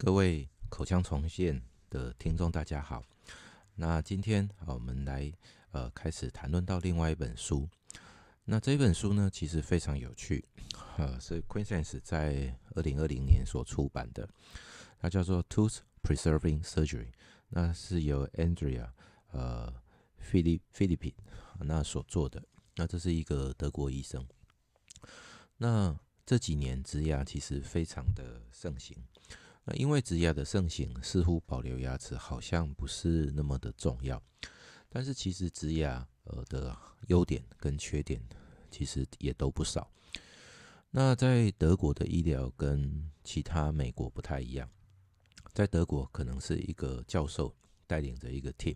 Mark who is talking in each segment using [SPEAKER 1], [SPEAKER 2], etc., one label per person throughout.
[SPEAKER 1] 各位口腔重建的聽眾，大家好。那今天，我們來呃開始談論到另外一本書。那這本書呢，其實非常有趣，呃，是 Quintessence 在二零二零年所出版的，它叫做 Tooth Preserving Surgery，那是由 Andrea 呃 Filippi Filippi 那所做的。那這是一個德國醫生。那這幾年植牙其實非常的盛行。那因為植牙的盛行，似乎保留牙齒好像不是那麼的重要。但是其實植牙呃的優點跟缺點其實也都不少。那在德國的醫療跟其他美國不太一樣，在德國可能是一個教授帶領着一個 team。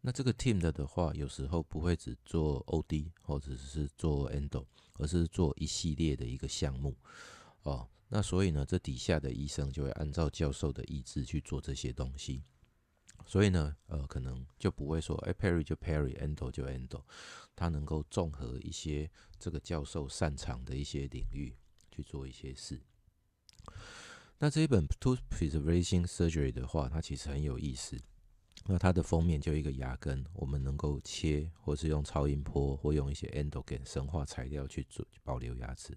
[SPEAKER 1] 那這個 team 的話，有時候不會只做 OD 或者是做 endo，而是做一系列的一個項目哦。那所以呢，這底下的醫生就會按照教授的意志去做這些東西，所以呢，呃，可能就不會說哎，perio 就 perio，endo 就 endo，他能夠綜合一些這個教授擅長的一些領域去做一些事。那這一本 tooth preserving surgery 的話，它其實很有意思。那它的封面就一個牙根，我們能夠切，或是用超音波，或用一些 endo 跟生化材料去做保留牙齒。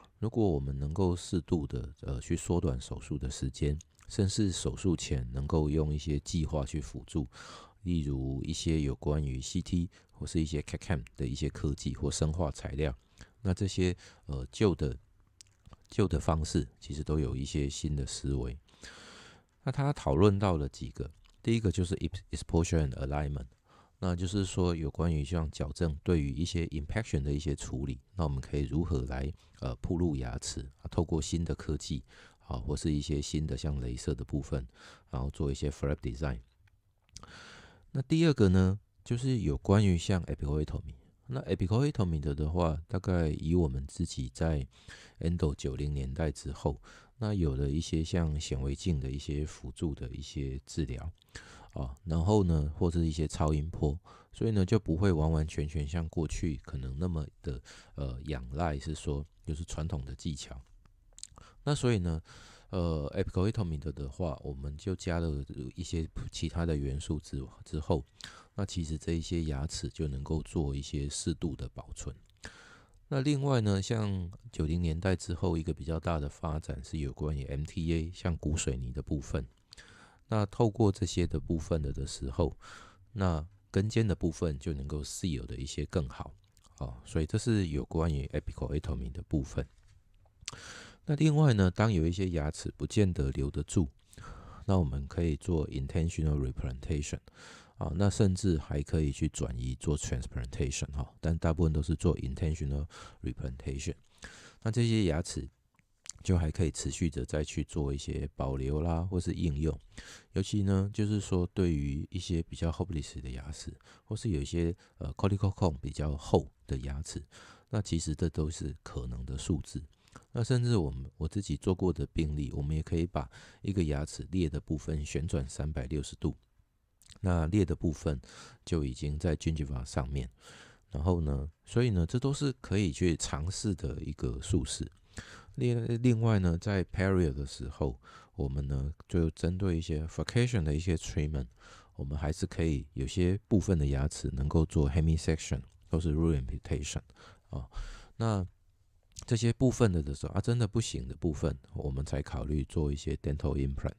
[SPEAKER 1] 如果我們能夠適度的呃去縮短手術的時間，甚至手術前能夠用一些計劃去輔助，例如一些有關於 CT 或是一些 CAD CAM 的一些科技或生化材料，那這些呃舊的舊的方式其實都有一些新的思維。那他討論到了幾個，第一個就是 Exposure and Alignment。那就是說，有關於像矯正對於一些 impaction 的一些處理，那我們可以如何來呃曝露牙齒啊？透過新的科技啊，或是一些新的像雷射的部分，然後做一些 flap design。那第二個呢，就是有關於像 apicoectomy。那 apicoectomy 的話，大概以我們自己在 endo 九零年代之後，那有了一些像顯微鏡的一些輔助的一些治療。啊、哦，然後呢，或是一些超音波，所以呢就不會完完全全像過去可能那麼的呃仰賴，是說就是傳統的技巧。那所以呢，呃 apicoectomy 的話，我們就加了一些其他的元素之之後，那其實這一些牙齒就能夠做一些適度的保存。那另外呢，像九零年代之後一個比較大的發展是有關於 MTA，像骨水泥的部分。那透過這些的部分的的時候，那根尖的部分就能夠 seal 的一些更好，所以這是有關於 apical atomy 的部分。那另外呢，當有一些牙齒不見得留得住，那我們可以做 intentional replantation，啊，那甚至還可以去轉移做 transplantation 哈，但大部分都是做 intentional replantation。那這些牙齒。就還可以持續的再去做一些保留啦，或是應用，尤其呢，就是說對於一些比較 hopeless 的牙齒，或是有一些呃 cortical bone 比較厚的牙齒，那其實這都是可能的術式，那甚至我們我自己做過的病例，我們也可以把一個牙齒裂的部分旋轉三百六十度，那裂的部分就已經在 gingiva 上面，然後呢，所以呢，這都是可以去嘗試的一個術式。另另外呢，在 period 的時候，我們呢就針對一些 furcation 的一些 treatment，我們還是可以有些部分的牙齒能夠做 hemisection 或是 root amputation 啊、哦，那這些部分的的時候啊，真的不行的部分，我們才考慮做一些 dental implant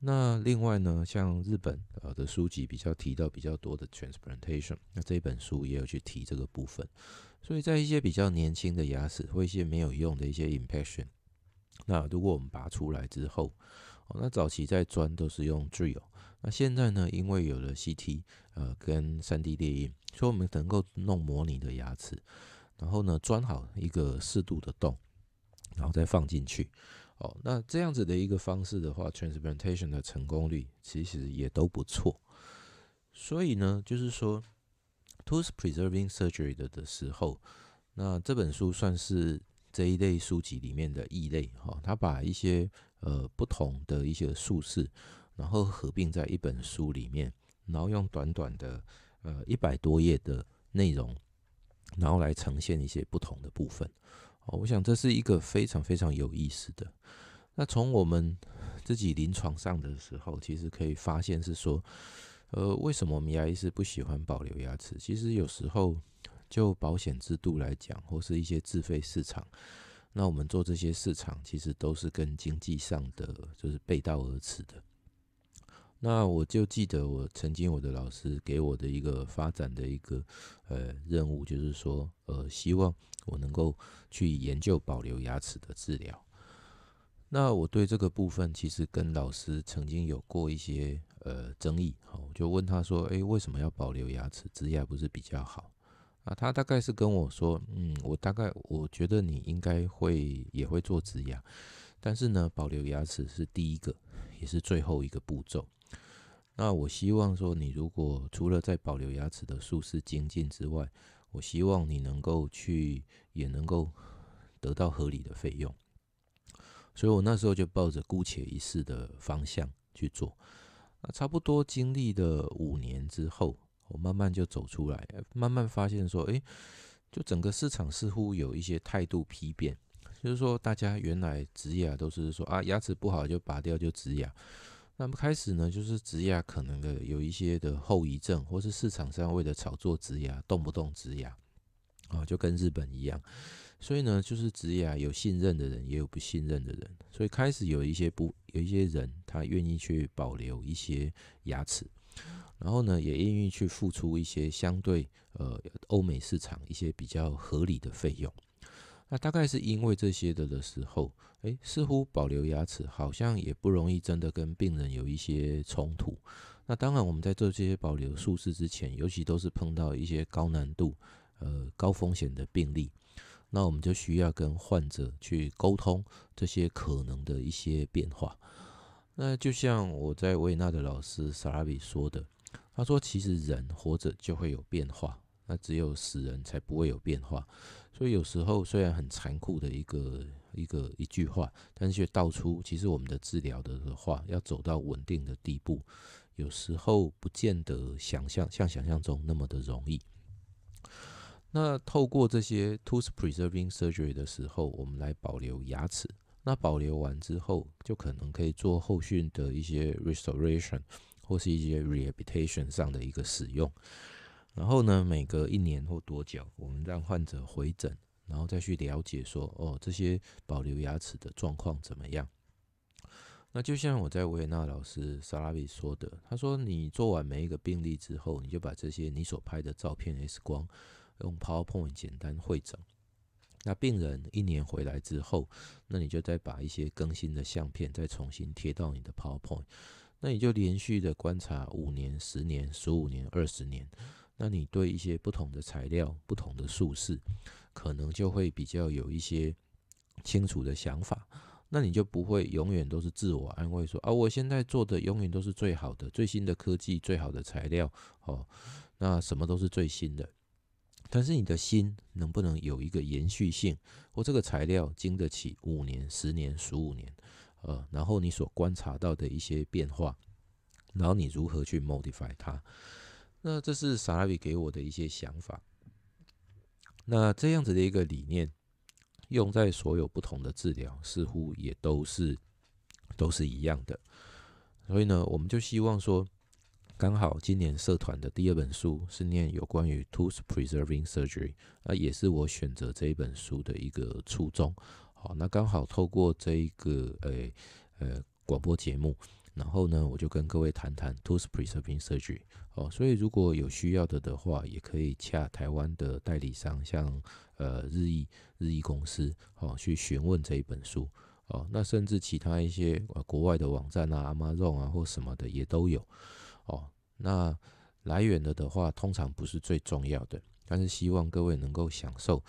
[SPEAKER 1] 那另外呢，像日本呃的書籍比較提到比較多的 transplantation，那這本書也有去提這個部分。所以在一些比較年輕的牙齒或一些沒有用的一些 impression，那如果我們拔出來之後，那早期在鑽都是用 drill，那現在呢，因為有了 CT，呃，跟 3D 列印，所以我們能夠弄模擬的牙齒，然後呢鑽好一個適度的洞，然後再放進去。哦，那這樣子的一個方式的話，transplantation 的成功率其實也都不錯。所以呢，就是說，tooth preserving surgery 的的時候，那這本書算是這一類書籍裡面的異類哈、哦。他把一些呃不同的一些術式，然後合併在一本書裡面，然後用短短的呃一百多頁的內容，然後來呈現一些不同的部分。哦，我想這是一個非常非常有意思的。那從我們自己臨床上的時候，其實可以發現是說，呃，為什麼我們牙醫是不喜歡保留牙齒？其實有時候就保險制度來講，或是一些自費市場，那我們做這些市場其實都是跟經濟上的就是背道而馳的。那我就記得我曾經我的老師給我的一個發展的一個呃任務，就是說呃希望我能夠去研究保留牙齒的治療。那我對這個部分其實跟老師曾經有過一些呃爭議，好，我就問他說，誒、欸，為什麼要保留牙齒？植牙不是比較好？啊，他大概是跟我說，嗯，我大概我覺得你應該會也會做植牙，但是呢，保留牙齒是第一個也是最後一個步驟。那我希望說，你如果除了在保留牙齒的術式精進之外，我希望你能夠去，也能夠得到合理的費用。所以我那時候就抱着姑且一試的方向去做。那差不多經歷了五年之後，我慢慢就走出來，慢慢發現說，誒、欸，就整個市場似乎有一些態度丕變，就是說大家原來植牙都是說啊，牙齒不好就拔掉就植牙。那麼開始呢，就是植牙可能的有一些的後遺症，或是市場上為了炒作植牙，動不動植牙啊，就跟日本一樣。所以呢，就是植牙有信任的人，也有不信任的人。所以開始有一些不，有一些人，他願意去保留一些牙齒，然後呢，也願意去付出一些相對，呃，歐美市場一些比較合理的費用。那大概是因為這些的的時候，哎、欸，似乎保留牙齒好像也不容易，真的跟病人有一些衝突。那當然，我們在做這些保留術式之前，尤其都是碰到一些高難度、呃高風險的病例，那我們就需要跟患者去溝通這些可能的一些變化。那就像我在維也納的老師薩拉比說的，他說：“其實人活着就會有變化。”那只有死人才不會有變化，所以有時候雖然很殘酷的一個一個一句話，但是卻道出其實我們的治療的話，要走到穩定的地步，有時候不見得想象像，像想象中那麼的容易。那透過這些 tooth preserving surgery 的時候，我們來保留牙齒，那保留完之後，就可能可以做後續的一些 restoration 或是一些 rehabilitation 上的一個使用。然後呢，每隔一年或多久，我們讓患者回診，然後再去了解說，哦，這些保留牙齒的狀況怎麼樣？那就像我在維也納老師薩拉比說的，他說你做完每一個病例之後，你就把這些你所拍的照片、X 光，用 PowerPoint 簡單彙總。那病人一年回來之後，那你就再把一些更新的相片再重新貼到你的 PowerPoint，那你就連續的觀察五年、十年、十五年、二十年。那你對一些不同的材料、不同的術式，可能就會比較有一些清楚的想法。那你就不會永遠都是自我安慰說啊，我現在做的永遠都是最好的、最新的科技、最好的材料哦。那什麼都是最新的，但是你的心能不能有一個延續性？我這個材料經得起五年、十年、十五年？呃，然後你所觀察到的一些變化，然後你如何去 modify 它？那這是薩拉比給我的一些想法。那這樣子的一個理念，用在所有不同的治療，似乎也都是都是一樣的。所以呢，我們就希望說，剛好今年社團的第二本書是念有關於 Tooth-preserving surgery，那也是我選擇這一本書的一個初衷。好，那剛好透過這一個呃呃廣播節目。然後呢，我就跟各位談談 tooth preserving surgery。哦，所以如果有需要的的話，也可以洽台灣的代理商，像呃日益日益公司，哦，去詢問這一本書。哦，那甚至其他一些呃國外的網站啊，Amazon 啊或什麼的也都有。哦，那來源了的話，通常不是最重要的，但是希望各位能夠享受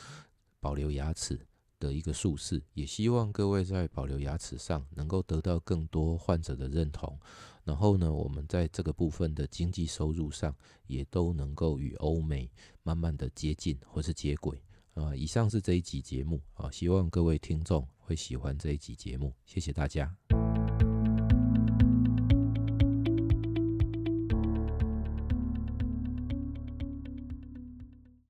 [SPEAKER 1] 保留牙齒。的一個術式，也希望各位在保留牙齒上能夠得到更多患者的認同。然後呢，我們在這個部分的經濟收入上也都能夠與歐美慢慢的接近或是接軌。啊，以上是這一集節目啊，希望各位聽眾會喜歡這一集節目，謝謝大家。